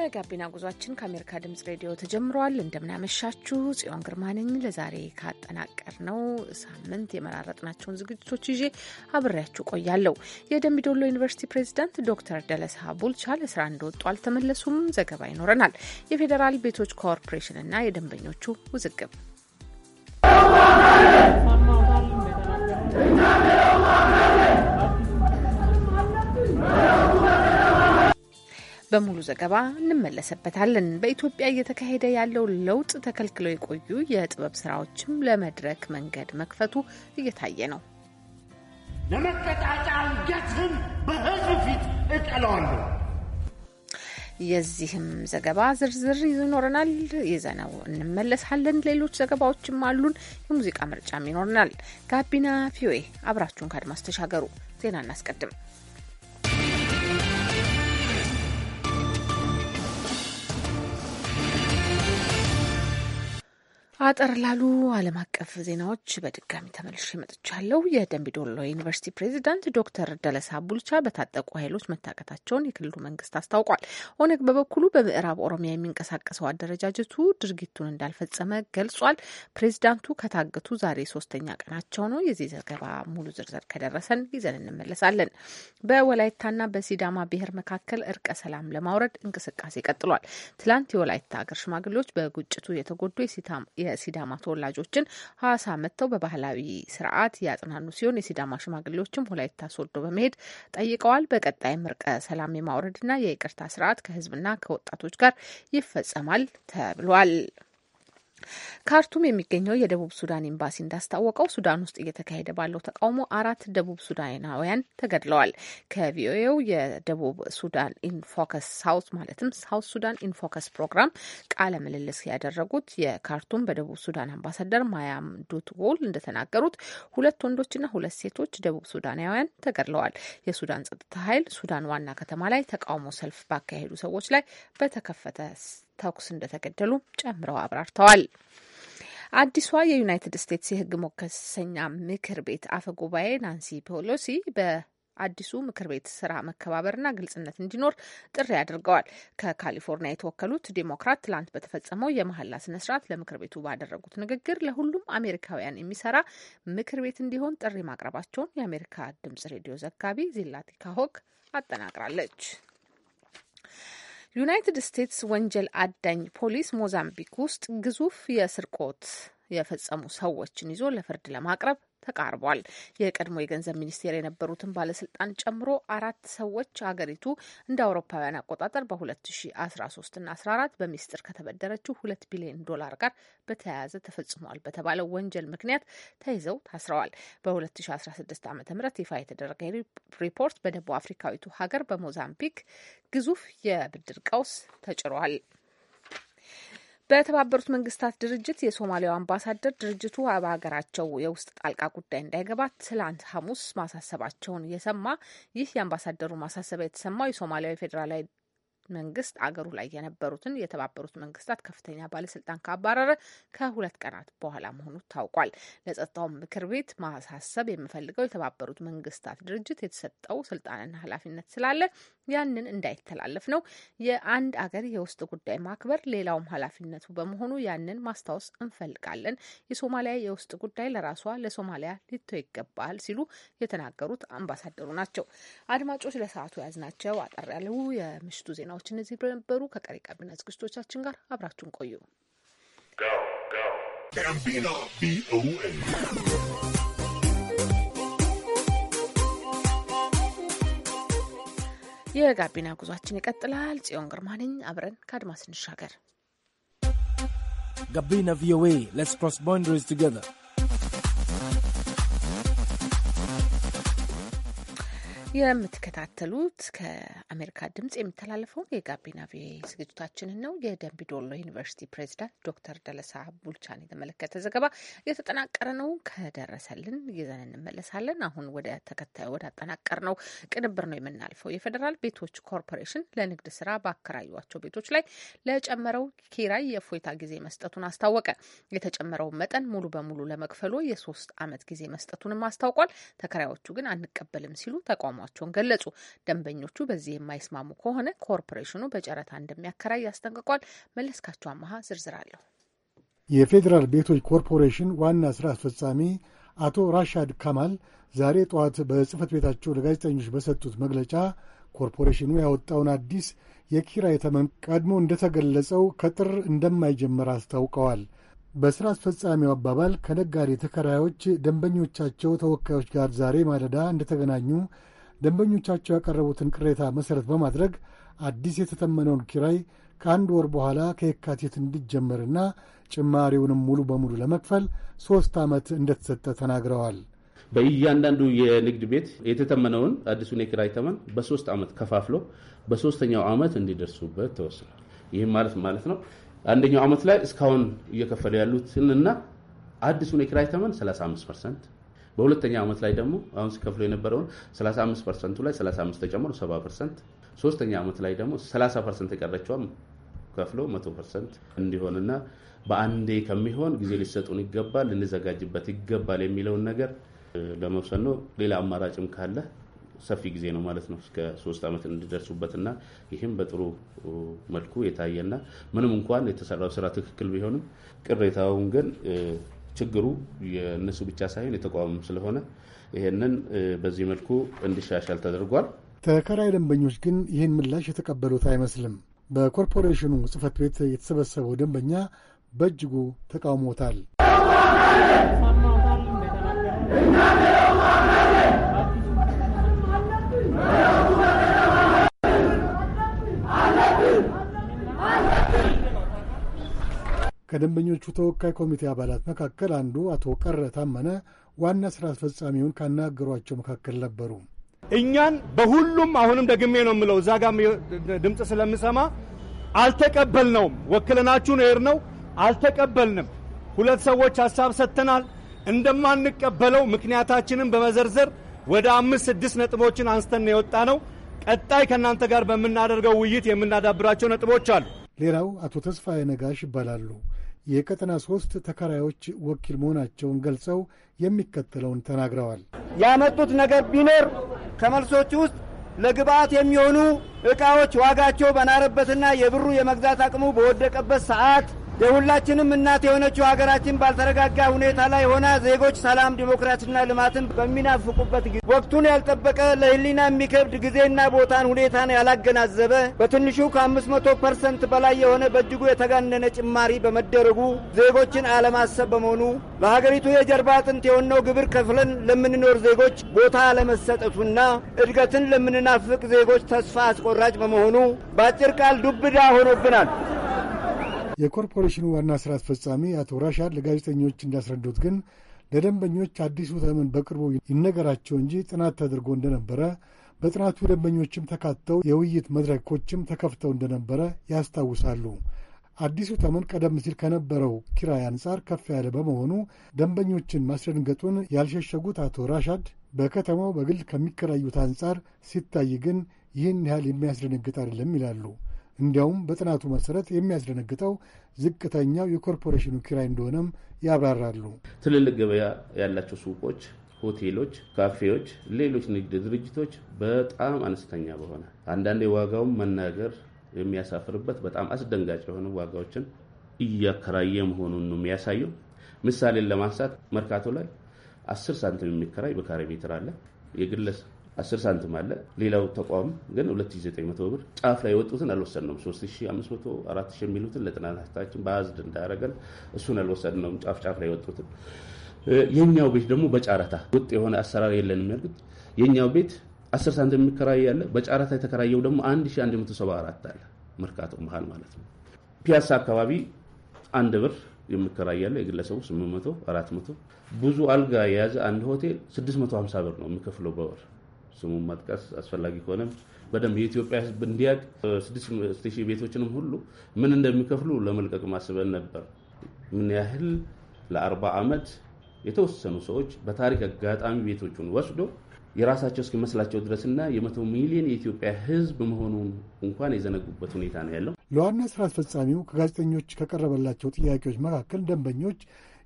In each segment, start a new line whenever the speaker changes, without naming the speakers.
የጋቢና ጉዟችን ከአሜሪካ ድምጽ ሬዲዮ ተጀምሯል። እንደምናመሻችሁ ጽዮን ግርማ ነኝ። ለዛሬ ካጠናቀር ነው ሳምንት የመራረጥናቸውን ዝግጅቶች ይዤ አብሬያችሁ ቆያለሁ። የደምቢዶሎ ዩኒቨርሲቲ ፕሬዚዳንት ዶክተር ደለሳ ቡልቻ ለስራ እንደወጡ አልተመለሱም። ዘገባ ይኖረናል። የፌዴራል ቤቶች ኮርፖሬሽንና የደንበኞቹ ውዝግብ በሙሉ ዘገባ እንመለስበታለን። በኢትዮጵያ እየተካሄደ ያለው ለውጥ ተከልክለው የቆዩ የጥበብ ስራዎችም ለመድረክ መንገድ መክፈቱ እየታየ ነው።
ለመቀጣጫ ውጀትህን በህዝብ ፊት እጠለዋለሁ።
የዚህም ዘገባ ዝርዝር ይኖረናል። ይዘነው እንመለሳለን። ሌሎች ዘገባዎችም አሉን። የሙዚቃ ምርጫም ይኖረናል። ጋቢና ቪኦኤ አብራችሁን ከአድማስ ተሻገሩ። ዜና እናስቀድም። አጠር ላሉ ዓለም አቀፍ ዜናዎች በድጋሚ ተመልሼ መጥቻለሁ። የደምቢዶሎ ዩኒቨርሲቲ ፕሬዚዳንት ዶክተር ደለሳ ቡልቻ በታጠቁ ኃይሎች መታቀታቸውን የክልሉ መንግስት አስታውቋል። ኦነግ በበኩሉ በምዕራብ ኦሮሚያ የሚንቀሳቀሰው አደረጃጀቱ ድርጊቱን እንዳልፈጸመ ገልጿል። ፕሬዚዳንቱ ከታገቱ ዛሬ ሶስተኛ ቀናቸው ነው። የዚህ ዘገባ ሙሉ ዝርዝር ከደረሰን ይዘን እንመለሳለን። በወላይታና በሲዳማ ብሔር መካከል እርቀ ሰላም ለማውረድ እንቅስቃሴ ቀጥሏል። ትላንት የወላይታ ሀገር ሽማግሌዎች በግጭቱ የተጎዱ የሲዳማ ተወላጆችን ሀዋሳ መጥተው በባህላዊ ስርዓት ያጽናኑ ሲሆን የሲዳማ ሽማግሌዎችም ወላይታ ሶዶ በመሄድ ጠይቀዋል። በቀጣይ እርቀ ሰላም የማውረድና የይቅርታ ስርዓት ከህዝብና ከወጣቶች ጋር ይፈጸማል ተብሏል። ካርቱም የሚገኘው የደቡብ ሱዳን ኤምባሲ እንዳስታወቀው ሱዳን ውስጥ እየተካሄደ ባለው ተቃውሞ አራት ደቡብ ሱዳናውያን ተገድለዋል። ከቪኦኤው የደቡብ ሱዳን ኢንፎከስ ሳውት ማለትም ሳውት ሱዳን ኢንፎከስ ፕሮግራም ቃለ ምልልስ ያደረጉት የካርቱም በደቡብ ሱዳን አምባሳደር ማያም ዱት ዎል እንደተናገሩት ሁለት ወንዶችና ሁለት ሴቶች ደቡብ ሱዳናውያን ተገድለዋል። የሱዳን ጸጥታ ኃይል ሱዳን ዋና ከተማ ላይ ተቃውሞ ሰልፍ ባካሄዱ ሰዎች ላይ በተከፈተ ተኩስ እንደተገደሉ ጨምረው አብራርተዋል። አዲሷ የዩናይትድ ስቴትስ የህግ መወሰኛ ምክር ቤት አፈ ጉባኤ ናንሲ ፔሎሲ በ አዲሱ ምክር ቤት ስራ መከባበርና ግልጽነት እንዲኖር ጥሪ አድርገዋል። ከካሊፎርኒያ የተወከሉት ዴሞክራት ትላንት በተፈጸመው የመሀላ ስነ ስርዓት ለምክር ቤቱ ባደረጉት ንግግር ለሁሉም አሜሪካውያን የሚሰራ ምክር ቤት እንዲሆን ጥሪ ማቅረባቸውን የአሜሪካ ድምጽ ሬዲዮ ዘጋቢ ዚላቲካ ሆክ አጠናቅራለች። ዩናይትድ ስቴትስ ወንጀል አዳኝ ፖሊስ ሞዛምቢክ ውስጥ ግዙፍ የስርቆት የፈጸሙ ሰዎችን ይዞ ለፍርድ ለማቅረብ ተቃርቧል። የቀድሞ የገንዘብ ሚኒስቴር የነበሩትን ባለስልጣን ጨምሮ አራት ሰዎች አገሪቱ እንደ አውሮፓውያን አቆጣጠር በ2013 እና 14 በሚስጥር ከተበደረችው ሁለት ቢሊዮን ዶላር ጋር በተያያዘ ተፈጽሟል በተባለው ወንጀል ምክንያት ተይዘው ታስረዋል። በ2016 ዓ ም ይፋ የተደረገ ሪፖርት በደቡብ አፍሪካዊቱ ሀገር በሞዛምቢክ ግዙፍ የብድር ቀውስ ተጭሯል። በተባበሩት መንግስታት ድርጅት የሶማሊያው አምባሳደር ድርጅቱ በሀገራቸው የውስጥ ጣልቃ ጉዳይ እንዳይገባ ትላንት ሐሙስ ማሳሰባቸውን የሰማ ይህ የአምባሳደሩ ማሳሰቢያ የተሰማው የሶማሊያዊ ፌዴራላዊ መንግስት አገሩ ላይ የነበሩትን የተባበሩት መንግስታት ከፍተኛ ባለስልጣን ካባረረ ከሁለት ቀናት በኋላ መሆኑ ታውቋል። ለጸጥታው ምክር ቤት ማሳሰብ የምፈልገው የተባበሩት መንግስታት ድርጅት የተሰጠው ስልጣንና ኃላፊነት ስላለ ያንን እንዳይተላለፍ ነው። የአንድ አገር የውስጥ ጉዳይ ማክበር ሌላውም ኃላፊነቱ በመሆኑ ያንን ማስታወስ እንፈልጋለን። የሶማሊያ የውስጥ ጉዳይ ለራሷ ለሶማሊያ ሊቶ ይገባል ሲሉ የተናገሩት አምባሳደሩ ናቸው። አድማጮች፣ ለሰዓቱ ያዝናቸው አጠር ያሉ የምሽቱ ዜናዎች እነዚህ ነበሩ። ከቀሪ ጋቢና ዝግጅቶቻችን ጋር አብራችሁን ቆዩ። የጋቢና ጉዟችን ይቀጥላል። ጽዮን ግርማ ነኝ። አብረን ከአድማስ እንሻገር። ጋቢና ቪኦኤ
ሌትስ ክሮስ ቦንደሪስ ቱጌዘር
የምትከታተሉት ከአሜሪካ ድምጽ የሚተላለፈውን የጋቢና ቪ ዝግጅታችንን ነው። ዶሎ ዩኒቨርሲቲ ፕሬዚዳንት ዶክተር ደለሳ ቡልቻን የተመለከተ ዘገባ እየተጠናቀረ ነው። ከደረሰልን ይዘን እንመለሳለን። አሁን ወደ ተከታዩ ወደ አጠናቀር ነው ቅንብር ነው የምናልፈው። የፌዴራል ቤቶች ኮርፖሬሽን ለንግድ ስራ ባከራዩዋቸው ቤቶች ላይ ለጨመረው ኪራይ የእፎይታ ጊዜ መስጠቱን አስታወቀ። የተጨመረው መጠን ሙሉ በሙሉ ለመክፈሉ የሶስት አመት ጊዜ መስጠቱንም አስታውቋል። ተከራዮቹ ግን አንቀበልም ሲሉ ተቋሟል። መሆናቸውን ገለጹ። ደንበኞቹ በዚህ የማይስማሙ ከሆነ ኮርፖሬሽኑ በጨረታ እንደሚያከራይ አስጠንቅቋል። መለስካቸው አመሃ ዝርዝር አለሁ።
የፌዴራል ቤቶች ኮርፖሬሽን ዋና ስራ አስፈጻሚ አቶ ራሻድ ካማል ዛሬ ጠዋት በጽህፈት ቤታቸው ለጋዜጠኞች በሰጡት መግለጫ ኮርፖሬሽኑ ያወጣውን አዲስ የኪራይ ተመን ቀድሞ እንደተገለጸው ከጥር እንደማይጀምር አስታውቀዋል። በሥራ አስፈጻሚው አባባል ከነጋዴ ተከራዮች ደንበኞቻቸው ተወካዮች ጋር ዛሬ ማለዳ እንደተገናኙ ደንበኞቻቸው ያቀረቡትን ቅሬታ መሠረት በማድረግ አዲስ የተተመነውን ኪራይ ከአንድ ወር በኋላ ከየካቲት እንዲጀመርና ጭማሪውንም ሙሉ በሙሉ ለመክፈል ሦስት ዓመት እንደተሰጠ ተናግረዋል።
በእያንዳንዱ የንግድ ቤት የተተመነውን አዲሱን የኪራይ ተመን በሶስት ዓመት ከፋፍሎ በሶስተኛው ዓመት እንዲደርሱበት ተወስኗል። ይህም ማለት ማለት ነው አንደኛው ዓመት ላይ እስካሁን እየከፈሉ ያሉትን እና አዲሱን የኪራይ ተመን 35 ፐርሰንት በሁለተኛ ዓመት ላይ ደግሞ አሁን ሲከፍሉ የነበረውን 35 ፐርሰንቱ ላይ 35 ተጨምሮ 70 ፐርሰንት፣ ሶስተኛ ዓመት ላይ ደግሞ 30 ፐርሰንት የቀረችዋም ከፍሎ 100 ፐርሰንት እንዲሆንና በአንዴ ከሚሆን ጊዜ ሊሰጡን ይገባል፣ ልንዘጋጅበት ይገባል የሚለውን ነገር ለመውሰን ነው። ሌላ አማራጭም ካለ ሰፊ ጊዜ ነው ማለት ነው እስከ ሶስት ዓመት እንዲደርሱበትና ይህም በጥሩ መልኩ የታየና ምንም እንኳን የተሰራው ስራ ትክክል ቢሆንም ቅሬታውን ግን ችግሩ የእነሱ ብቻ ሳይሆን የተቋሙም ስለሆነ ይሄንን በዚህ መልኩ እንዲሻሻል ተደርጓል።
ተከራይ ደንበኞች ግን ይህን ምላሽ የተቀበሉት አይመስልም። በኮርፖሬሽኑ ጽህፈት ቤት የተሰበሰበው ደንበኛ በእጅጉ ተቃውሞታል። ከደንበኞቹ ተወካይ ኮሚቴ አባላት መካከል አንዱ አቶ ቀረ ታመነ ዋና ስራ አስፈጻሚውን ካናገሯቸው መካከል ነበሩ።
እኛን በሁሉም አሁንም ደግሜ ነው የምለው፣ እዛ ጋ ድምፅ ስለምሰማ አልተቀበልነውም። ወክለናችሁ ነው የሄድነው፣ አልተቀበልንም። ሁለት ሰዎች ሀሳብ ሰጥተናል። እንደማንቀበለው ምክንያታችንን በመዘርዘር ወደ አምስት ስድስት ነጥቦችን አንስተን የወጣ ነው። ቀጣይ ከእናንተ ጋር በምናደርገው ውይይት የምናዳብራቸው ነጥቦች አሉ።
ሌላው አቶ ተስፋዬ ነጋሽ ይባላሉ። የቀጠና ሶስት ተከራዮች ወኪል መሆናቸውን ገልጸው የሚከተለውን ተናግረዋል። ያመጡት ነገር ቢኖር ከመልሶች ውስጥ ለግብአት የሚሆኑ እቃዎች ዋጋቸው
በናረበትና የብሩ የመግዛት አቅሙ በወደቀበት ሰዓት የሁላችንም እናት የሆነችው ሀገራችን ባልተረጋጋ ሁኔታ ላይ ሆና ዜጎች ሰላም፣ ዲሞክራሲና ልማትን በሚናፍቁበት ጊዜ ወቅቱን ያልጠበቀ ለህሊና የሚከብድ ጊዜና ቦታን ሁኔታን ያላገናዘበ በትንሹ ከአምስት መቶ ፐርሰንት በላይ የሆነ በእጅጉ የተጋነነ ጭማሪ በመደረጉ ዜጎችን አለማሰብ በመሆኑ ለሀገሪቱ የጀርባ አጥንት የሆነው ግብር ከፍለን ለምንኖር ዜጎች ቦታ አለመሰጠቱና እድገትን ለምንናፍቅ ዜጎች ተስፋ አስቆራጭ በመሆኑ በአጭር ቃል ዱብዳ ሆኖብናል።
የኮርፖሬሽኑ ዋና ስራ አስፈጻሚ አቶ ራሻድ ለጋዜጠኞች እንዳስረዱት ግን ለደንበኞች አዲሱ ተመን በቅርቡ ይነገራቸው እንጂ ጥናት ተደርጎ እንደነበረ በጥናቱ ደንበኞችም ተካተው የውይይት መድረኮችም ተከፍተው እንደነበረ ያስታውሳሉ። አዲሱ ተመን ቀደም ሲል ከነበረው ኪራይ አንጻር ከፍ ያለ በመሆኑ ደንበኞችን ማስደንገጡን ያልሸሸጉት አቶ ራሻድ በከተማው በግል ከሚከራዩት አንጻር ሲታይ ግን ይህን ያህል የሚያስደነግጥ አይደለም ይላሉ። እንዲያውም በጥናቱ መሰረት የሚያስደነግጠው ዝቅተኛው የኮርፖሬሽኑ ኪራይ እንደሆነም ያብራራሉ።
ትልልቅ ገበያ ያላቸው ሱቆች፣ ሆቴሎች፣ ካፌዎች፣ ሌሎች ንግድ ድርጅቶች በጣም አነስተኛ በሆነ አንዳንዴ ዋጋውን መናገር የሚያሳፍርበት በጣም አስደንጋጭ የሆኑ ዋጋዎችን እያከራየ መሆኑን ነው የሚያሳየው። ምሳሌን ለማንሳት መርካቶ ላይ አስር ሳንቲም የሚከራይ በካሬ ሜትር አለ የግለሰብ 10 ሳንቲም አለ። ሌላው ተቋም ግን 2900 ብር ጫፍ ላይ የወጡትን አልወሰድነውም። 3500፣ 4000 የሚሉትን ለጥናታችን በአዝድ እንዳያረገን እሱን አልወሰድነውም። ጫፍ ጫፍ ላይ የወጡትን የኛው ቤት ደግሞ በጫረታ ውጥ የሆነ አሰራር የለንም። ያሉት የኛው ቤት 10 ሳንቲም የሚከራይ ያለ በጫረታ የተከራየው ደግሞ 1174 አለ። መርካቶ መሀል ማለት ነው። ፒያሳ አካባቢ አንድ ብር ያለ የግለሰቡ 800፣ 400 ብዙ አልጋ የያዘ አንድ ሆቴል 650 ብር ነው የሚከፍለው በወር ስሙን መጥቀስ አስፈላጊ ከሆነም በደንብ የኢትዮጵያ ሕዝብ እንዲያቅ ስድስት ሺህ ቤቶችንም ሁሉ ምን እንደሚከፍሉ ለመልቀቅ ማስበን ነበር። ምን ያህል ለአርባ ዓመት የተወሰኑ ሰዎች በታሪክ አጋጣሚ ቤቶቹን ወስዶ የራሳቸው እስኪመስላቸው ድረስና የመቶ ሚሊዮን የኢትዮጵያ ሕዝብ መሆኑን እንኳን የዘነጉበት ሁኔታ ነው ያለው።
ለዋና ስራ አስፈጻሚው ከጋዜጠኞች ከቀረበላቸው ጥያቄዎች መካከል ደንበኞች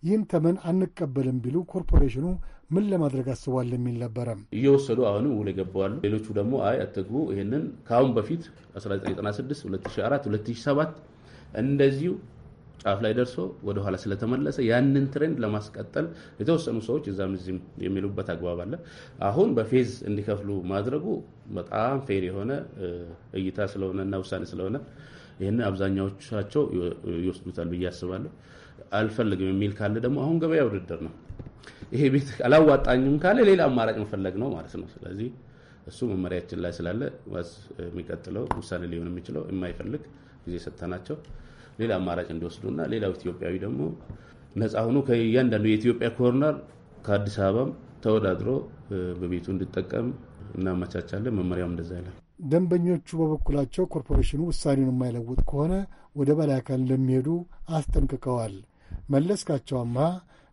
ይህን ተመን አንቀበልም ቢሉ ኮርፖሬሽኑ ምን ለማድረግ አስቧል የሚል ነበረ።
እየወሰዱ አሁንም ውል ይገባዋሉ። ሌሎቹ ደግሞ አይ አትግቡ፣ ይህንን ከአሁን በፊት 1996፣ 2004፣ 2007 እንደዚሁ ጫፍ ላይ ደርሶ ወደኋላ ስለተመለሰ ያንን ትሬንድ ለማስቀጠል የተወሰኑ ሰዎች እዛም እዚህም የሚሉበት አግባብ አለ። አሁን በፌዝ እንዲከፍሉ ማድረጉ በጣም ፌር የሆነ እይታ ስለሆነ እና ውሳኔ ስለሆነ ይህን አብዛኛዎቻቸው ይወስዱታል ብዬ አስባለሁ። አልፈልግም የሚል ካለ ደግሞ አሁን ገበያ ውድድር ነው። ይሄ ቤት አላዋጣኝም ካለ ሌላ አማራጭ መፈለግ ነው ማለት ነው። ስለዚህ እሱ መመሪያችን ላይ ስላለ የሚቀጥለው ውሳኔ ሊሆን የሚችለው የማይፈልግ ጊዜ ሰጥተናቸው ሌላ አማራጭ እንዲወስዱና ሌላው ኢትዮጵያዊ ደግሞ ነፃ ሆኖ ከእያንዳንዱ የኢትዮጵያ ኮርነር ከአዲስ አበባም ተወዳድሮ በቤቱ እንዲጠቀም እናመቻቻለን። መመሪያው እንደዛ ይላል።
ደንበኞቹ በበኩላቸው ኮርፖሬሽኑ ውሳኔውን የማይለውጥ ከሆነ ወደ በላይ አካል እንደሚሄዱ አስጠንቅቀዋል። መለስካቸው አምሃ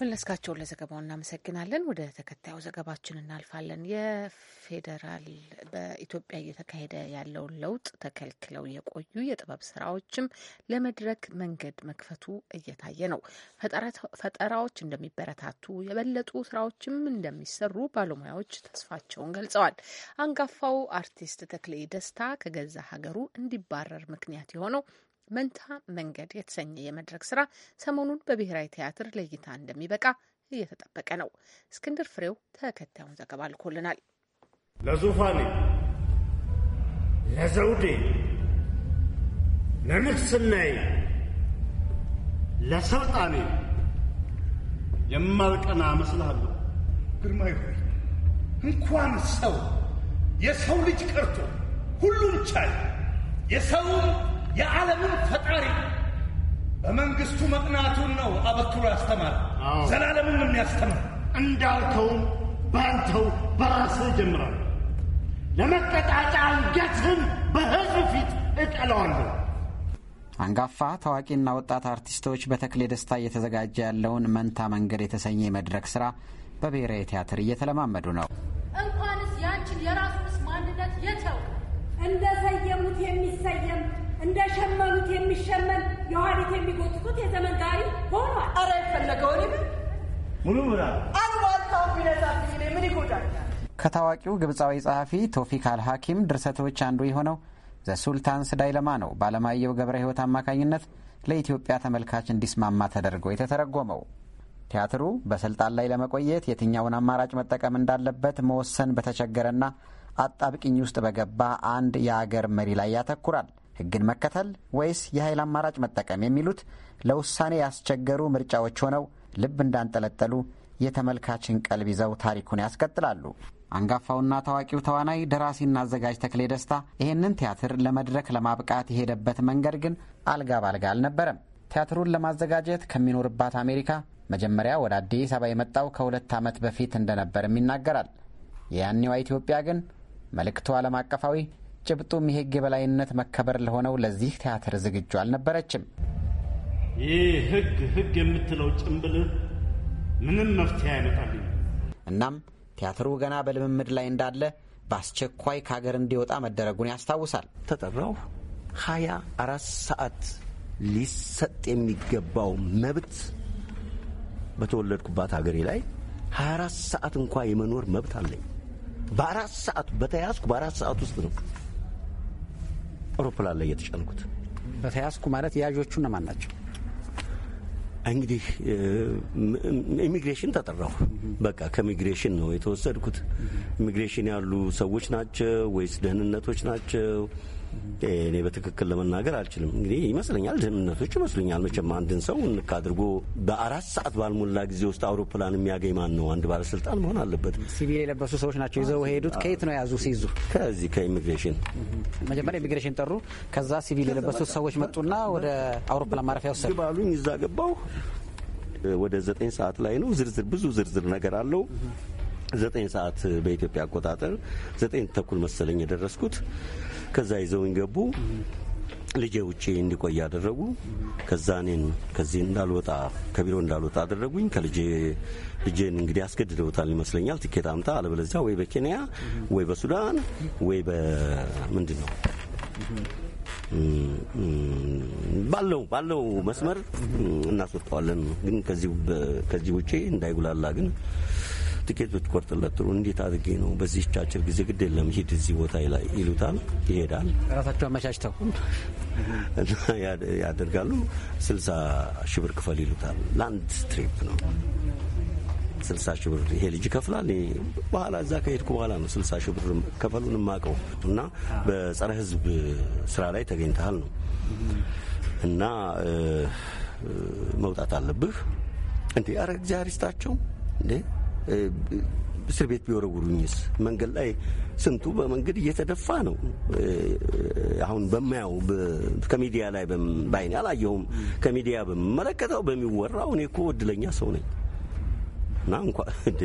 መለስካቸውን ለዘገባው እናመሰግናለን። ወደ ተከታዩ ዘገባችን እናልፋለን። የፌዴራል በኢትዮጵያ እየተካሄደ ያለውን ለውጥ ተከልክለው የቆዩ የጥበብ ስራዎችም ለመድረክ መንገድ መክፈቱ እየታየ ነው። ፈጠራዎች እንደሚበረታቱ፣ የበለጡ ስራዎችም እንደሚሰሩ ባለሙያዎች ተስፋቸውን ገልጸዋል። አንጋፋው አርቲስት ተክሌ ደስታ ከገዛ ሀገሩ እንዲባረር ምክንያት የሆነው መንታ መንገድ የተሰኘ የመድረክ ስራ ሰሞኑን በብሔራዊ ቲያትር ለእይታ እንደሚበቃ እየተጠበቀ ነው። እስክንድር ፍሬው ተከታዩን ዘገባ ልኮልናል።
ለዙፋኔ፣ ለዘውዴ፣
ለንግስናዬ፣ ለስልጣኔ
የማልቀና መስልሃለሁ ግርማይ ሆይ እንኳን ሰው የሰው ልጅ ቀርቶ ሁሉም ቻይ የሰውም የዓለምን
ፈጣሪ በመንግስቱ መቅናቱን ነው አበክሮ ያስተማር ዘላለምን ነው የሚያስተምር። እንዳልከውም ባንተው በራስህ ጀምራል። ለመቀጣጫ አንገትህን በህዝብ ፊት እቀለዋለሁ።
አንጋፋ ታዋቂና ወጣት አርቲስቶች በተክሌ ደስታ እየተዘጋጀ ያለውን መንታ መንገድ የተሰኘ የመድረክ ስራ በብሔራዊ ቲያትር እየተለማመዱ ነው።
እንኳንስ ያንችን የራሱንስ
ማንነት የተው እንደ ሰየሙት የሚሰየም እንደ ሸመኑት የሚሸመን የኋሊት የሚጎትቱት የዘመን ጋሪ ሆኗል። አረ የፈለገው
ኔ ሙሉ ምና አልባልታው ቢነጻብኝ ምን ይጎዳል?
ከታዋቂው ግብፃዊ ጸሐፊ ቶፊክ አልሐኪም ድርሰቶች አንዱ የሆነው ዘሱልታንስ ዳይለማ ነው በአለማየሁ ገብረ ሕይወት አማካኝነት ለኢትዮጵያ ተመልካች እንዲስማማ ተደርጎ የተተረጎመው። ቲያትሩ በስልጣን ላይ ለመቆየት የትኛውን አማራጭ መጠቀም እንዳለበት መወሰን በተቸገረና አጣብቅኝ ውስጥ በገባ አንድ የአገር መሪ ላይ ያተኩራል። ህግን መከተል ወይስ የኃይል አማራጭ መጠቀም የሚሉት ለውሳኔ ያስቸገሩ ምርጫዎች ሆነው ልብ እንዳንጠለጠሉ የተመልካችን ቀልብ ይዘው ታሪኩን ያስቀጥላሉ። አንጋፋውና ታዋቂው ተዋናይ ደራሲና አዘጋጅ ተክሌ ደስታ ይህንን ቲያትር ለመድረክ ለማብቃት የሄደበት መንገድ ግን አልጋ ባልጋ አልነበረም። ቲያትሩን ለማዘጋጀት ከሚኖርባት አሜሪካ መጀመሪያ ወደ አዲስ አበባ የመጣው ከሁለት ዓመት በፊት እንደነበርም ይናገራል። የያኔዋ ኢትዮጵያ ግን መልእክቱ ዓለም አቀፋዊ ጭብጡም የህግ የበላይነት መከበር ለሆነው ለዚህ ቲያትር ዝግጁ አልነበረችም።
ይህ ህግ ህግ የምትለው ጭምብልህ ምንም መፍትሄ አይመጣልኝ።
እናም ቲያትሩ ገና በልምምድ ላይ እንዳለ በአስቸኳይ ከሀገር እንዲወጣ መደረጉን ያስታውሳል። ተጠራው ሀያ አራት ሰዓት
ሊሰጥ የሚገባው መብት በተወለድኩባት ሀገሬ ላይ 24 ሰዓት እንኳ የመኖር መብት አለኝ። በአራት ሰዓት በተያዝኩ በአራት ሰዓት ውስጥ ነው አውሮፕላን ላይ የተጫንኩት። በተያዝኩ
ማለት የያዦቹ እነማን ናቸው?
እንግዲህ ኢሚግሬሽን ተጠራሁ። በቃ ከኢሚግሬሽን ነው የተወሰድኩት። ኢሚግሬሽን ያሉ ሰዎች ናቸው ወይስ ደህንነቶች ናቸው እኔ በትክክል ለመናገር አልችልም። እንግዲህ ይመስለኛል ድህነቶች ይመስለኛል። መቼም አንድን ሰው እንካ አድርጎ በአራት ሰዓት ባልሞላ ጊዜ ውስጥ አውሮፕላን የሚያገኝ ማን ነው? አንድ ባለስልጣን መሆን አለበት። ሲቪል የለበሱ ሰዎች ናቸው ይዘው ሄዱት። ከየት ነው የያዙ? ሲይዙ ከዚህ ከኢሚግሬሽን መጀመሪያ ኢሚግሬሽን ጠሩ። ከዛ ሲቪል የለበሱ ሰዎች መጡና ወደ አውሮፕላን ማረፊያ ውሰዱ ባሉኝ እዛ ገባው። ወደ ዘጠኝ ሰዓት ላይ ነው። ዝርዝር ብዙ ዝርዝር ነገር አለው። ዘጠኝ ሰዓት በኢትዮጵያ አቆጣጠር ዘጠኝ ተኩል መሰለኝ የደረስኩት ከዛ ይዘውኝ ገቡ። ልጄ ውጪ እንዲቆይ አደረጉ። ከዛ እኔን ከዚህ እንዳልወጣ ከቢሮ እንዳልወጣ አደረጉኝ። ከልጄ ልጄን እንግዲህ አስገድደውታል ይመስለኛል። ትኬት አምጣ አለበለዚያ ወይ በኬንያ ወይ በሱዳን ወይ በምንድን ነው ባለው ባለው መስመር እናስወጣዋለን፣ ግን ከዚህ ውጪ እንዳይጉላላ ግን ትኬት ብትቆርጥለት ጥሩ፣ እንዴት አድርጌ ነው በዚህ አጭር ጊዜ? ግድ የለም ሂድ እዚህ ቦታ ላይ ይሉታል። ይሄዳል። ራሳቸው አመቻችተው ያደርጋሉ። ስልሳ ሺህ ብር ክፈል ይሉታል። ለአንድ ትሪፕ ነው ስልሳ ሺህ ብር ይሄ ልጅ ይከፍላል። በኋላ እዛ ከሄድኩ በኋላ ነው ስልሳ ሺህ ብር ከፈሉን የማውቀው እና በጸረ ህዝብ ስራ ላይ ተገኝተሃል ነው እና መውጣት አለብህ እንዴ! አረ እግዚአብሔር ይስጣቸው እንዴ! እስር ቤት ቢወረውሩኝስ? መንገድ ላይ ስንቱ በመንገድ እየተደፋ ነው። አሁን በማያው ከሚዲያ ላይ ባይኔ አላየሁም። ከሚዲያ በምመለከተው በሚወራው እኔ እኮ እድለኛ ሰው ነኝ እና እንኳ እንዴ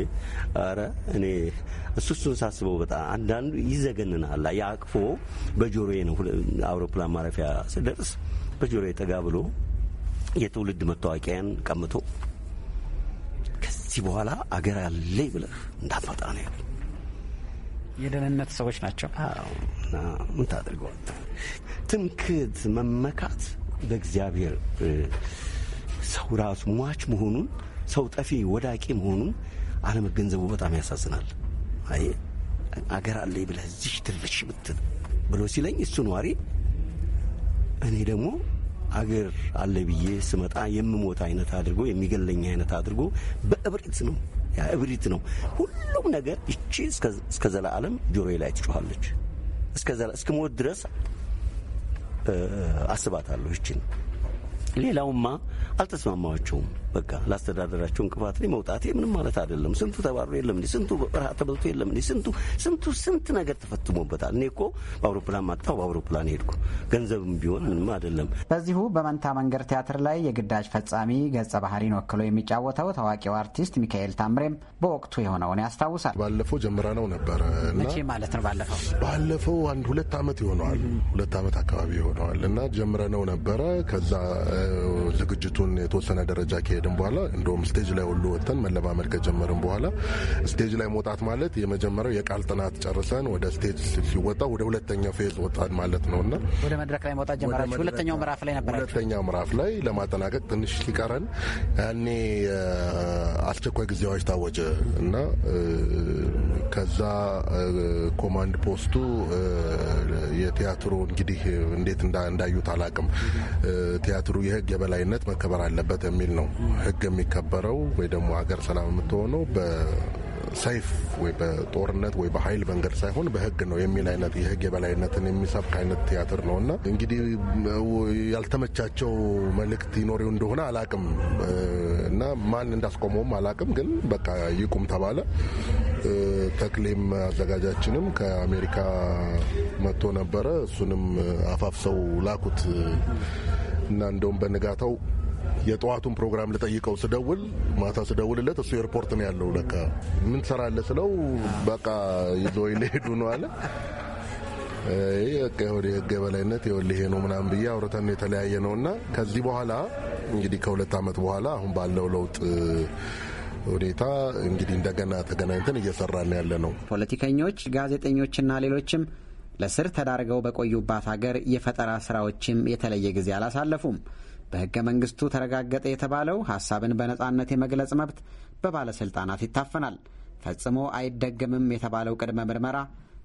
ኧረ እኔ እሱ እሱን ሳስበው በጣም አንዳንዱ ይዘገንናል። የአቅፎ በጆሮዬ ነው አውሮፕላን ማረፊያ ስደርስ በጆሮዬ ጠጋ ብሎ የትውልድ መታወቂያን ቀምቶ ከዚህ በኋላ አገር ያለ ብለህ እንዳትመጣ ነው ያለኝ። የደህንነት ሰዎች ናቸው። እና ምን ታደርገዋል? ትምክት፣ መመካት በእግዚአብሔር ሰው ራሱ ሟች መሆኑን ሰው ጠፊ ወዳቂ መሆኑን አለመገንዘቡ በጣም ያሳዝናል። አይ አገር አለኝ ብለህ እዚህ ትልሽ ብትል ብሎ ሲለኝ እሱ ነዋሪ እኔ ደግሞ አገር አለ ብዬ ስመጣ የምሞት አይነት አድርጎ የሚገለኝ አይነት አድርጎ በእብሪት ነው እብሪት ነው ሁሉም ነገር። ይቺ እስከ ዘላለም ጆሮ ላይ ትጮኋለች። እስከ ሞት ድረስ አስባታለሁ ይችን። ሌላውማ አልተስማማቸውም። በቃ ላስተዳደራቸው እንቅፋት ላይ መውጣቴ ምንም ማለት አይደለም። ስንቱ ተባሮ የለም እንዲ ስንቱ በረሃ ተበልቶ የለም እንዲ ስንቱ ስንቱ ስንት ነገር ተፈትሞበታል። እኔ እኮ በአውሮፕላን ማጣው በአውሮፕላን ሄድኩ። ገንዘብም ቢሆን ምንም አይደለም።
በዚሁ በመንታ መንገድ ቲያትር ላይ የግዳጅ ፈጻሚ ገጸ ባህሪን ወክሎ የሚጫወተው ታዋቂው አርቲስት ሚካኤል ታምሬም በወቅቱ የሆነውን ያስታውሳል። ባለፈው ጀምራ ነው ነበረ መቼ ማለት ነው? ባለፈው
ባለፈው አንድ ሁለት ዓመት ይሆነዋል ሁለት ዓመት አካባቢ ይሆነዋል እና ጀምረ ነው ነበረ ከዛ ዝግጅቱን የተወሰነ ደረጃ ከሄደ ከሄድን በኋላ እንደውም ስቴጅ ላይ ሁሉ ወጥተን መለማመድ ከጀመርን በኋላ ስቴጅ ላይ መውጣት ማለት የመጀመሪያው የቃል ጥናት ጨርሰን ወደ ስቴጅ ሲወጣ ወደ ሁለተኛው ፌዝ ወጣን ማለት ነው እና
ወደ መድረክ ላይ መውጣት ጀመራችሁ። ሁለተኛው ምዕራፍ ላይ
ነበራችሁ። ሁለተኛው ምዕራፍ ላይ ለማጠናቀቅ ትንሽ ሲቀረን ያኔ አስቸኳይ ጊዜ አዋጅ ታወጀ እና ከዛ ኮማንድ ፖስቱ የቲያትሩ እንግዲህ እንዴት እንዳዩት አላቅም ቲያትሩ የህግ የበላይነት መከበር አለበት የሚል ነው ህግ የሚከበረው ወይ ደግሞ ሀገር ሰላም የምትሆነው በሰይፍ ወይ በጦርነት ወይ በኃይል መንገድ ሳይሆን በህግ ነው የሚል አይነት የህግ የበላይነትን የሚሰብክ አይነት ቲያትር ነው እና እንግዲህ ያልተመቻቸው መልእክት ይኖሪው እንደሆነ አላቅም እና ማን እንዳስቆመውም አላቅም። ግን በቃ ይቁም ተባለ። ተክሌም አዘጋጃችንም ከአሜሪካ መጥቶ ነበረ። እሱንም አፋፍሰው ላኩት እና እንደውም በንጋታው የጠዋቱን ፕሮግራም ልጠይቀው ስደውል ማታ ስደውልለት እሱ ኤርፖርት ነው ያለው። ለካ ምን ትሰራለህ ስለው በቃ ይዞ ሊሄዱ ነው አለ። የህግ የበላይነት ይሄ ነው ምናምን ብዬ አውርተን የተለያየ ነው እና ከዚህ በኋላ እንግዲህ ከሁለት ዓመት በኋላ አሁን ባለው ለውጥ
ሁኔታ እንግዲህ እንደገና ተገናኝተን እየሰራን ያለ ነው። ፖለቲከኞች፣ ጋዜጠኞችና ሌሎችም ለስር ተዳርገው በቆዩባት ሀገር የፈጠራ ስራዎችም የተለየ ጊዜ አላሳለፉም። በሕገ መንግስቱ ተረጋገጠ የተባለው ሐሳብን በነጻነት የመግለጽ መብት በባለሥልጣናት ይታፈናል። ፈጽሞ አይደገምም የተባለው ቅድመ ምርመራ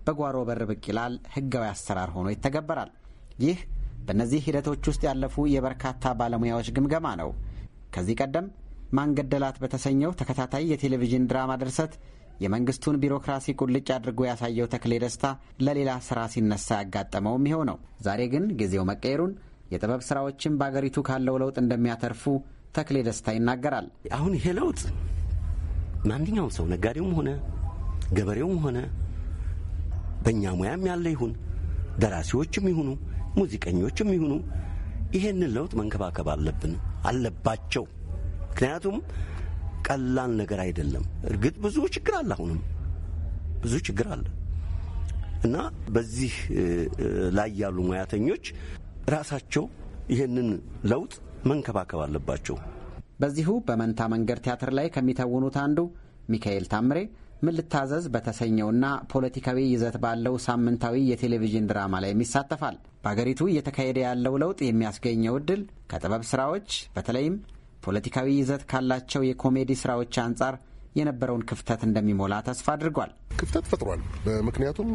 በጓሮ በር ብቅ ይላል፣ ሕጋዊ አሰራር ሆኖ ይተገበራል። ይህ በእነዚህ ሂደቶች ውስጥ ያለፉ የበርካታ ባለሙያዎች ግምገማ ነው። ከዚህ ቀደም ማንገደላት በተሰኘው ተከታታይ የቴሌቪዥን ድራማ ድርሰት የመንግስቱን ቢሮክራሲ ቁልጭ አድርጎ ያሳየው ተክሌ ደስታ ለሌላ ስራ ሲነሳ ያጋጠመውም ይኸው ነው። ዛሬ ግን ጊዜው መቀየሩን የጥበብ ስራዎችም በአገሪቱ ካለው ለውጥ እንደሚያተርፉ ተክሌ ደስታ ይናገራል።
አሁን ይሄ ለውጥ ማንኛውም ሰው ነጋዴውም ሆነ ገበሬውም ሆነ በእኛ ሙያም ያለ ይሁን ደራሲዎችም ይሁኑ ሙዚቀኞችም ይሁኑ ይሄንን ለውጥ መንከባከብ አለብን አለባቸው። ምክንያቱም ቀላል ነገር አይደለም። እርግጥ ብዙ ችግር አለ፣ አሁንም ብዙ ችግር አለ እና በዚህ ላይ ያሉ ሙያተኞች ራሳቸው ይህንን ለውጥ መንከባከብ አለባቸው። በዚሁ በመንታ መንገድ ቲያትር ላይ ከሚተውኑት
አንዱ ሚካኤል ታምሬ ምን ልታዘዝ በተሰኘውና ፖለቲካዊ ይዘት ባለው ሳምንታዊ የቴሌቪዥን ድራማ ላይም ይሳተፋል። በአገሪቱ እየተካሄደ ያለው ለውጥ የሚያስገኘው እድል ከጥበብ ስራዎች በተለይም ፖለቲካዊ ይዘት ካላቸው የኮሜዲ ስራዎች አንጻር የነበረውን ክፍተት እንደሚሞላ ተስፋ አድርጓል። ክፍተት ፈጥሯል። ምክንያቱም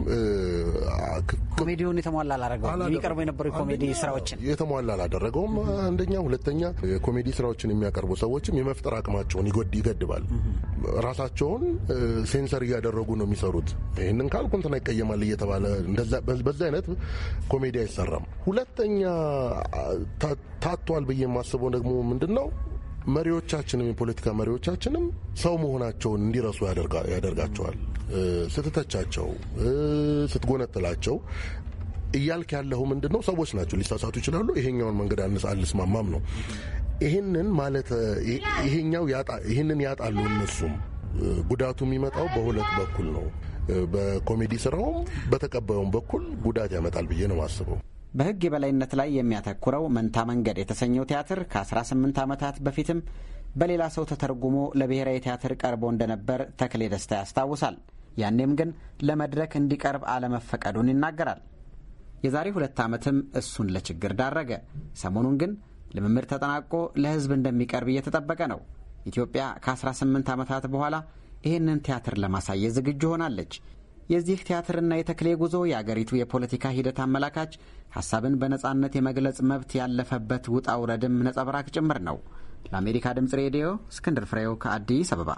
ኮሜዲውን የተሟላ አላደረገውም። የሚቀርቡ የነበሩ የኮሜዲ ስራዎችን የተሟላ አላደረገውም።
አንደኛ፣ ሁለተኛ የኮሜዲ ስራዎችን የሚያቀርቡ ሰዎችም የመፍጠር አቅማቸውን ይገድባል። ራሳቸውን ሴንሰር እያደረጉ ነው የሚሰሩት። ይህንን ካልኩ እንትና ይቀየማል እየተባለ በዚ አይነት ኮሜዲ አይሰራም። ሁለተኛ ታቷል ብዬ የማስበው ደግሞ ምንድን ነው መሪዎቻችንም የፖለቲካ መሪዎቻችንም ሰው መሆናቸውን እንዲረሱ ያደርጋቸዋል። ስትተቻቸው፣ ስትጎነጥላቸው እያልክ ያለሁ ምንድን ነው? ሰዎች ናቸው፣ ሊሳሳቱ ይችላሉ። ይሄኛውን መንገድ አልስማማም ነው። ይህንን ማለት ይሄኛው ይህንን ያጣሉ እነሱም። ጉዳቱ የሚመጣው በሁለት በኩል ነው። በኮሜዲ ስራውም በተቀባዩም በኩል ጉዳት ያመጣል ብዬ ነው የማስበው።
በሕግ የበላይነት ላይ የሚያተኩረው መንታ መንገድ የተሰኘው ቲያትር ከ18 ዓመታት በፊትም በሌላ ሰው ተተርጉሞ ለብሔራዊ ቲያትር ቀርቦ እንደነበር ተክሌ ደስታ ያስታውሳል። ያኔም ግን ለመድረክ እንዲቀርብ አለመፈቀዱን ይናገራል። የዛሬ ሁለት ዓመትም እሱን ለችግር ዳረገ። ሰሞኑን ግን ልምምድ ተጠናቆ ለሕዝብ እንደሚቀርብ እየተጠበቀ ነው። ኢትዮጵያ ከ18 ዓመታት በኋላ ይህንን ቲያትር ለማሳየት ዝግጁ ሆናለች። የዚህ ቲያትርና የተክሌ ጉዞ የአገሪቱ የፖለቲካ ሂደት አመላካች፣ ሀሳብን በነጻነት የመግለጽ መብት ያለፈበት ውጣ ውረድም ነጸብራቅ ጭምር ነው። ለአሜሪካ ድምፅ ሬዲዮ እስክንድር ፍሬው ከአዲስ አበባ።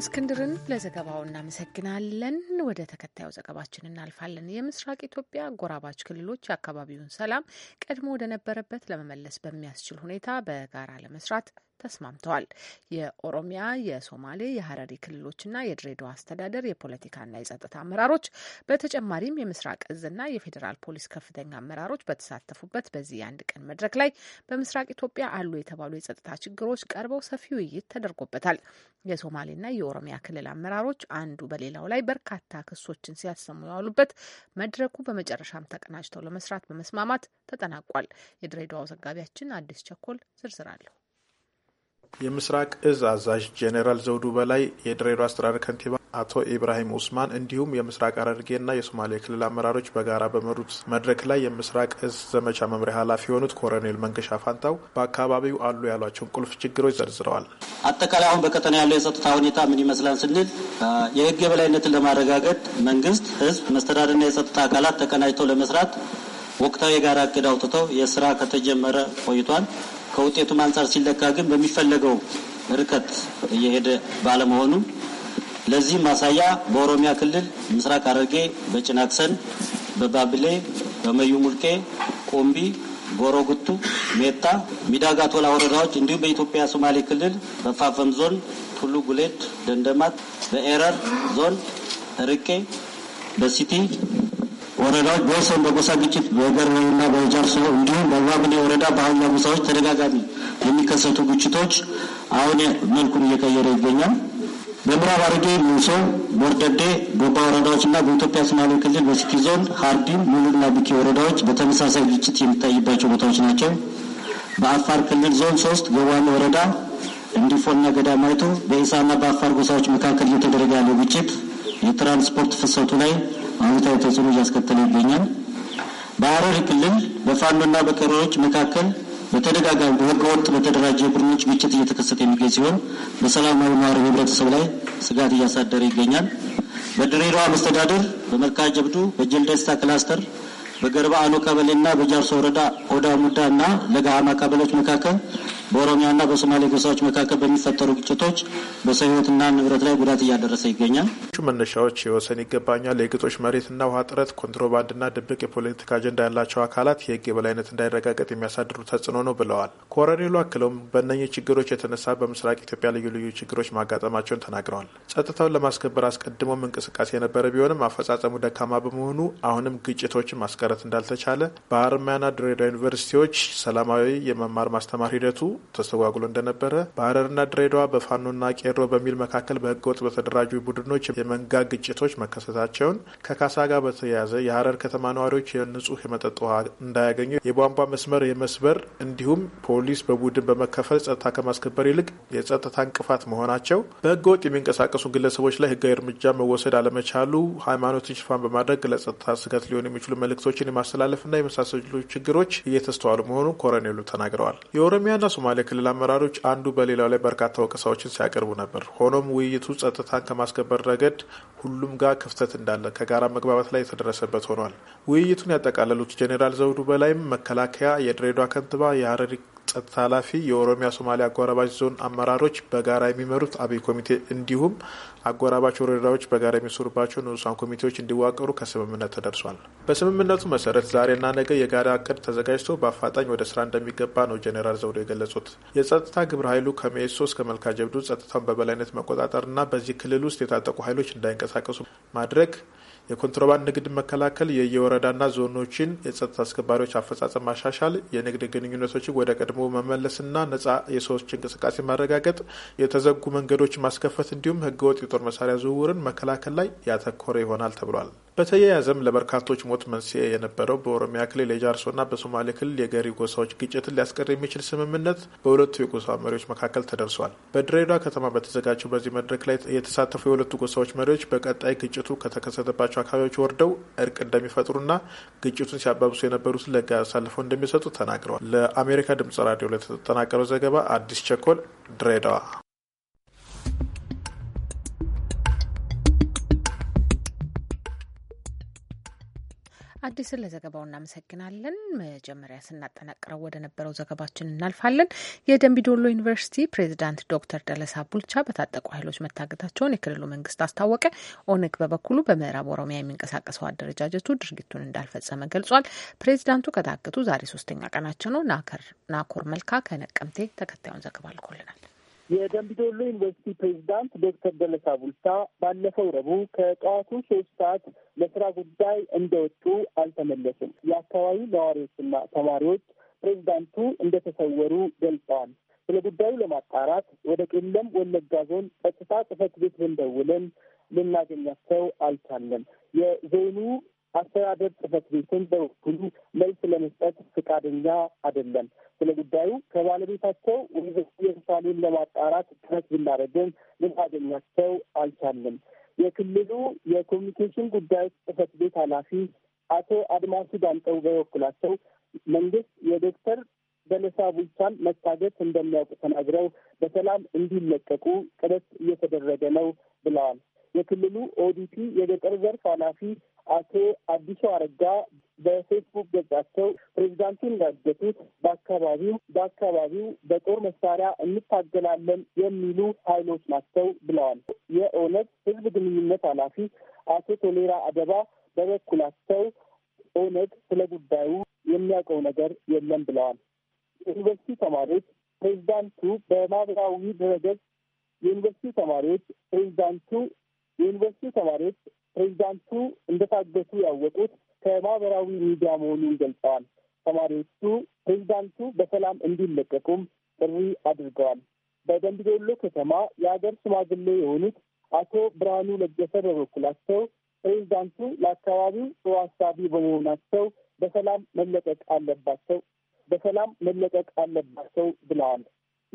እስክንድርን ለዘገባው እናመሰግናለን። ወደ ተከታዩ ዘገባችን እናልፋለን። የምስራቅ ኢትዮጵያ ጎራባች ክልሎች የአካባቢውን ሰላም ቀድሞ ወደነበረበት ለመመለስ በሚያስችል ሁኔታ በጋራ ለመስራት ተስማምተዋል። የኦሮሚያ፣ የሶማሌ፣ የሀረሪ ክልሎችና የድሬዳዋ አስተዳደር የፖለቲካና የጸጥታ አመራሮች በተጨማሪም የምስራቅ እዝና የፌዴራል ፖሊስ ከፍተኛ አመራሮች በተሳተፉበት በዚህ የአንድ ቀን መድረክ ላይ በምስራቅ ኢትዮጵያ አሉ የተባሉ የጸጥታ ችግሮች ቀርበው ሰፊ ውይይት ተደርጎበታል። የሶማሌና የኦሮሚያ ክልል አመራሮች አንዱ በሌላው ላይ በርካታ ክሶችን ሲያሰሙ የዋሉበት መድረኩ በመጨረሻም ተቀናጅተው ለመስራት በመስማማት ተጠናቋል። የድሬዳዋ ዘጋቢያችን አዲስ ቸኮል ዝርዝር አለሁ።
የምስራቅ እዝ አዛዥ ጄኔራል ዘውዱ በላይ፣ የድሬዳዋ አስተዳደር ከንቲባ አቶ ኢብራሂም ኡስማን እንዲሁም የምስራቅ ሐረርጌና የሶማሌ ክልል አመራሮች በጋራ በመሩት መድረክ ላይ የምስራቅ እዝ ዘመቻ መምሪያ ኃላፊ የሆኑት ኮሎኔል መንገሻ ፋንታው በአካባቢው አሉ ያሏቸውን ቁልፍ ችግሮች ዘርዝረዋል።
አጠቃላይ አሁን በቀጠና ያለው የጸጥታ ሁኔታ ምን ይመስላል ስንል የህግ የበላይነትን ለማረጋገጥ መንግስት፣ ህዝብ፣ መስተዳደርና የጸጥታ አካላት ተቀናጅተው ለመስራት ወቅታዊ የጋራ እቅድ አውጥተው የስራ ከተጀመረ ቆይቷል። ከውጤቱም አንጻር ሲለካ ግን በሚፈለገው ርቀት እየሄደ ባለመሆኑ ለዚህም ማሳያ በኦሮሚያ ክልል ምስራቅ ሐረርጌ በጭናክሰን፣ በባብሌ፣ በመዩ ሙልቄ፣ ቆምቢ፣ ጎሮጉቱ፣ ሜታ፣ ሚዳጋ ቶላ ወረዳዎች እንዲሁም በኢትዮጵያ ሶማሌ ክልል በፋፈም ዞን ቱሉ ጉሌድ፣ ደንደማት፣ በኤረር ዞን ርቄ፣ በሲቲ ወረዳዎች
በወሰን በጎሳ ግጭት በገረና በጃርሶ እንዲሁም በዋግሌ ወረዳ በሀኛ ጎሳዎች ተደጋጋሚ የሚከሰቱ ግጭቶች አሁን መልኩን እየቀየረ ይገኛል። በምዕራብ አርጌ ሙሶ፣ ቦርደዴ፣ ጎባ ወረዳዎችና በኢትዮጵያ ሶማሌ ክልል በስኪ ዞን ሀርዲን፣ ሙሉና ቢኬ ወረዳዎች በተመሳሳይ ግጭት የሚታይባቸው ቦታዎች ናቸው። በአፋር ክልል ዞን ሶስት ገዋኔ ወረዳ እንዲፎና ገዳማይቱ በኢሳና በአፋር ጎሳዎች መካከል እየተደረገ ያለው ግጭት የትራንስፖርት ፍሰቱ ላይ አዎንታዊ ተጽዕኖ እያስከተለ ይገኛል። በሐረሪ ክልል በፋኖና በቀሪዎች መካከል በተደጋጋሚ በህገወጥ
በተደራጀ ቡድኖች ግጭት እየተከሰተ የሚገኝ ሲሆን በሰላማዊ ነዋሪ ህብረተሰብ ላይ ስጋት እያሳደረ ይገኛል። በድሬዳዋ መስተዳደር በመርካ ጀብዱ፣ በጀልደስታ ክላስተር፣
በገርባ አኖ ቀበሌና በጃርሶ ወረዳ ኦዳ ሙዳ እና ለጋሃማ ቀበሌዎች መካከል በኦሮሚያና በሶማሌ ጎሳዎች መካከል በሚፈጠሩ ግጭቶች በሰው ሕይወትና ንብረት ላይ ጉዳት
እያደረሰ ይገኛል። መነሻዎች የወሰን ይገባኛል፣ የግጦሽ መሬትና ውሃ ጥረት፣ ኮንትሮባንድና ድብቅ የፖለቲካ አጀንዳ ያላቸው አካላት የህግ የበላይነት እንዳይረጋገጥ የሚያሳድሩ ተጽዕኖ ነው ብለዋል። ኮረኔሉ አክለውም በእነኚህ ችግሮች የተነሳ በምስራቅ ኢትዮጵያ ልዩ ልዩ ችግሮች ማጋጠማቸውን ተናግረዋል። ጸጥታውን ለማስከበር አስቀድሞም እንቅስቃሴ የነበረ ቢሆንም አፈጻጸሙ ደካማ በመሆኑ አሁንም ግጭቶችን ማስቀረት እንዳልተቻለ በሀረማያና ድሬዳዋ ዩኒቨርሲቲዎች ሰላማዊ የመማር ማስተማር ሂደቱ ተስተጓጉሎ እንደነበረ በሀረርና ድሬዳዋ በፋኖና ቄሮ በሚል መካከል በህገወጥ በተደራጁ ቡድኖች የመንጋ ግጭቶች መከሰታቸውን ከካሳ ጋር በተያያዘ የሀረር ከተማ ነዋሪዎች የንጹህ የመጠጥ ውሃ እንዳያገኙ የቧንቧ መስመር የመስበር እንዲሁም ፖሊስ በቡድን በመከፈል ጸጥታ ከማስከበር ይልቅ የጸጥታ እንቅፋት መሆናቸው በህገወጥ የሚንቀሳቀሱ ግለሰቦች ላይ ህጋዊ እርምጃ መወሰድ አለመቻሉ ሃይማኖትን ሽፋን በማድረግ ለጸጥታ ስጋት ሊሆኑ የሚችሉ መልእክቶችን የማስተላለፍና የመሳሰሉ ችግሮች እየተስተዋሉ መሆኑን ኮረኔሉ ተናግረዋል። የኦሮሚያና የሶማሌ ክልል አመራሮች አንዱ በሌላው ላይ በርካታ ወቀሳዎችን ሲያቀርቡ ነበር። ሆኖም ውይይቱ ጸጥታን ከማስከበር ረገድ ሁሉም ጋር ክፍተት እንዳለ ከጋራ መግባባት ላይ የተደረሰበት ሆኗል። ውይይቱን ያጠቃለሉት ጄኔራል ዘውዱ በላይም መከላከያ፣ የድሬዳዋ ከንቲባ፣ የሀረሪ ጸጥታ ኃላፊ የኦሮሚያ ሶማሊያ አጎራባች ዞን አመራሮች በጋራ የሚመሩት አብይ ኮሚቴ እንዲሁም አጎራባች ወረዳዎች በጋራ የሚሰሩባቸው ንዑሳን ኮሚቴዎች እንዲዋቀሩ ከስምምነት ተደርሷል። በስምምነቱ መሰረት ዛሬና ነገ የጋራ እቅድ ተዘጋጅቶ በአፋጣኝ ወደ ስራ እንደሚገባ ነው ጄኔራል ዘውዶ የገለጹት። የጸጥታ ግብረ ኃይሉ ከሜሶ እስከ መልካ ጀብዱ ጸጥታውን በበላይነት መቆጣጠርና በዚህ ክልል ውስጥ የታጠቁ ኃይሎች እንዳይንቀሳቀሱ ማድረግ የኮንትሮባንድ ንግድ መከላከል፣ የየወረዳና ዞኖችን የጸጥታ አስከባሪዎች አፈጻጸም ማሻሻል፣ የንግድ ግንኙነቶችን ወደ ቀድሞ መመለስና ነጻ የሰዎች እንቅስቃሴ ማረጋገጥ፣ የተዘጉ መንገዶች ማስከፈት እንዲሁም ህገወጥ የጦር መሳሪያ ዝውውርን መከላከል ላይ ያተኮረ ይሆናል ተብሏል። በተያያዘም ለበርካቶች ሞት መንስኤ የነበረው በኦሮሚያ ክልል የጃርሶና በሶማሌ ክልል የገሪ ጎሳዎች ግጭትን ሊያስቀር የሚችል ስምምነት በሁለቱ የጎሳ መሪዎች መካከል ተደርሷል። በድሬዳዋ ከተማ በተዘጋጀው በዚህ መድረክ ላይ የተሳተፉ የሁለቱ ጎሳዎች መሪዎች በቀጣይ ግጭቱ ከተከሰተባቸው ወዳለባቸው አካባቢዎች ወርደው እርቅ እንደሚፈጥሩና ግጭቱን ሲያባብሱ የነበሩትን ለጋ አሳልፈው እንደሚሰጡ ተናግረዋል። ለአሜሪካ ድምጽ ራዲዮ ለተጠናቀረው ዘገባ አዲስ ቸኮል ድሬዳዋ
አዲስን ለዘገባው እናመሰግናለን። መጀመሪያ ስናጠናቅረው ወደ ነበረው ዘገባችን እናልፋለን። የደንቢዶሎ ዩኒቨርሲቲ ፕሬዚዳንት ዶክተር ደለሳ ቡልቻ በታጠቁ ኃይሎች መታገታቸውን የክልሉ መንግስት አስታወቀ። ኦነግ በበኩሉ በምዕራብ ኦሮሚያ የሚንቀሳቀሰው አደረጃጀቱ ድርጊቱን እንዳልፈጸመ ገልጿል። ፕሬዚዳንቱ ከታገቱ ዛሬ ሶስተኛ ቀናቸው ነው። ናኮር መልካ ከነቀምቴ ተከታዩን ዘገባ ልኮልናል።
የደምቢዶሎ ዩኒቨርሲቲ ፕሬዚዳንት ዶክተር ደለሳ ቡልታ ባለፈው ረቡዕ ከጠዋቱ ሶስት ሰዓት ለስራ ጉዳይ እንደወጡ አልተመለሱም። የአካባቢ ነዋሪዎችና ተማሪዎች ፕሬዚዳንቱ እንደተሰወሩ ገልጸዋል። ስለ ጉዳዩ ለማጣራት ወደ ቄለም ወለጋ ዞን ጸጥታ ጽሕፈት ቤት ብንደውልም ልናገኛቸው አልቻለም። የዞኑ አስተዳደር ጽህፈት ቤትን በበኩሉ መልስ ለመስጠት ፈቃደኛ አይደለም። ስለ ጉዳዩ ከባለቤታቸው ወይዘሮ ኢየሩሳሌም ለማጣራት ጥረት ብናደርግም ልናገኛቸው አልቻለም። የክልሉ የኮሚኒኬሽን ጉዳዮች ጽህፈት ቤት ኃላፊ አቶ አድማሱ ዳምጠው በበኩላቸው መንግስት የዶክተር በለሳ ቡልቻን መታገት እንደሚያውቁ ተናግረው በሰላም እንዲለቀቁ ጥረት እየተደረገ ነው ብለዋል። የክልሉ ኦዲፒ የገጠር ዘርፍ ኃላፊ አቶ አዲሱ አረጋ በፌስቡክ ገጻቸው ፕሬዚዳንቱን ያገቱት በአካባቢው በአካባቢው በጦር መሳሪያ እንታገላለን የሚሉ ኃይሎች ናቸው ብለዋል። የኦነግ ሕዝብ ግንኙነት ኃላፊ አቶ ቶሌራ አደባ በበኩላቸው ኦነግ ስለ ጉዳዩ የሚያውቀው ነገር የለም ብለዋል። ዩኒቨርሲቲ ተማሪዎች ፕሬዚዳንቱ በማህበራዊ ድረገጽ የዩኒቨርሲቲ ተማሪዎች ፕሬዚዳንቱ የዩኒቨርሲቲ ተማሪዎች ፕሬዚዳንቱ እንደታገቱ ያወቁት ከማህበራዊ ሚዲያ መሆኑን ገልጸዋል። ተማሪዎቹ ፕሬዚዳንቱ በሰላም እንዲለቀቁም ጥሪ አድርገዋል። በደምቢዶሎ ከተማ የሀገር ሽማግሌ የሆኑት አቶ ብርሃኑ ለገሰ በበኩላቸው ፕሬዚዳንቱ ለአካባቢው ሰው አሳቢ በመሆናቸው በሰላም መለቀቅ አለባቸው በሰላም መለቀቅ አለባቸው ብለዋል።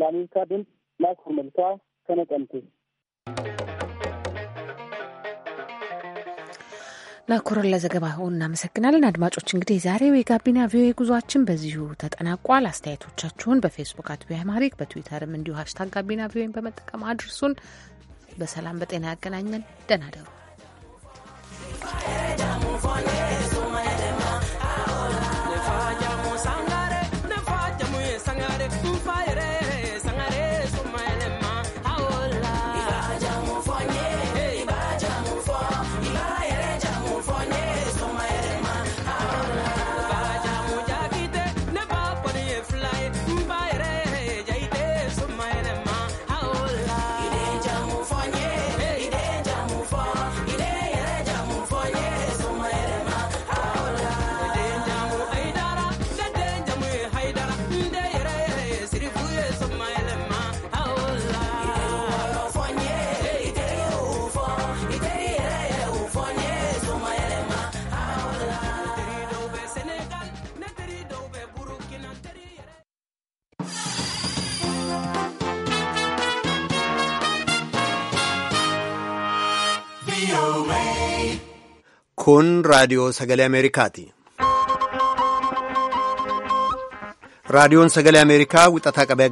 ለአሜሪካ ድምፅ ናኮር መልካ ከነቀምቴ
ለዘገባ ለዘገባው እናመሰግናለን። አድማጮች እንግዲህ ዛሬው የጋቢና ቪኦኤ ጉዟችን በዚሁ ተጠናቋል። አስተያየቶቻችሁን በፌስቡክ አት ቪኦኤ አማሪክ በትዊተርም እንዲሁ ሀሽታግ ጋቢና ቪኦኤን በመጠቀም አድርሱን። በሰላም በጤና ያገናኘን። ደህና ደሩ።
Kun raadiyoo sagalee Ameerikaati.
Raadiyoon sagalee Ameerikaa wixataa qabee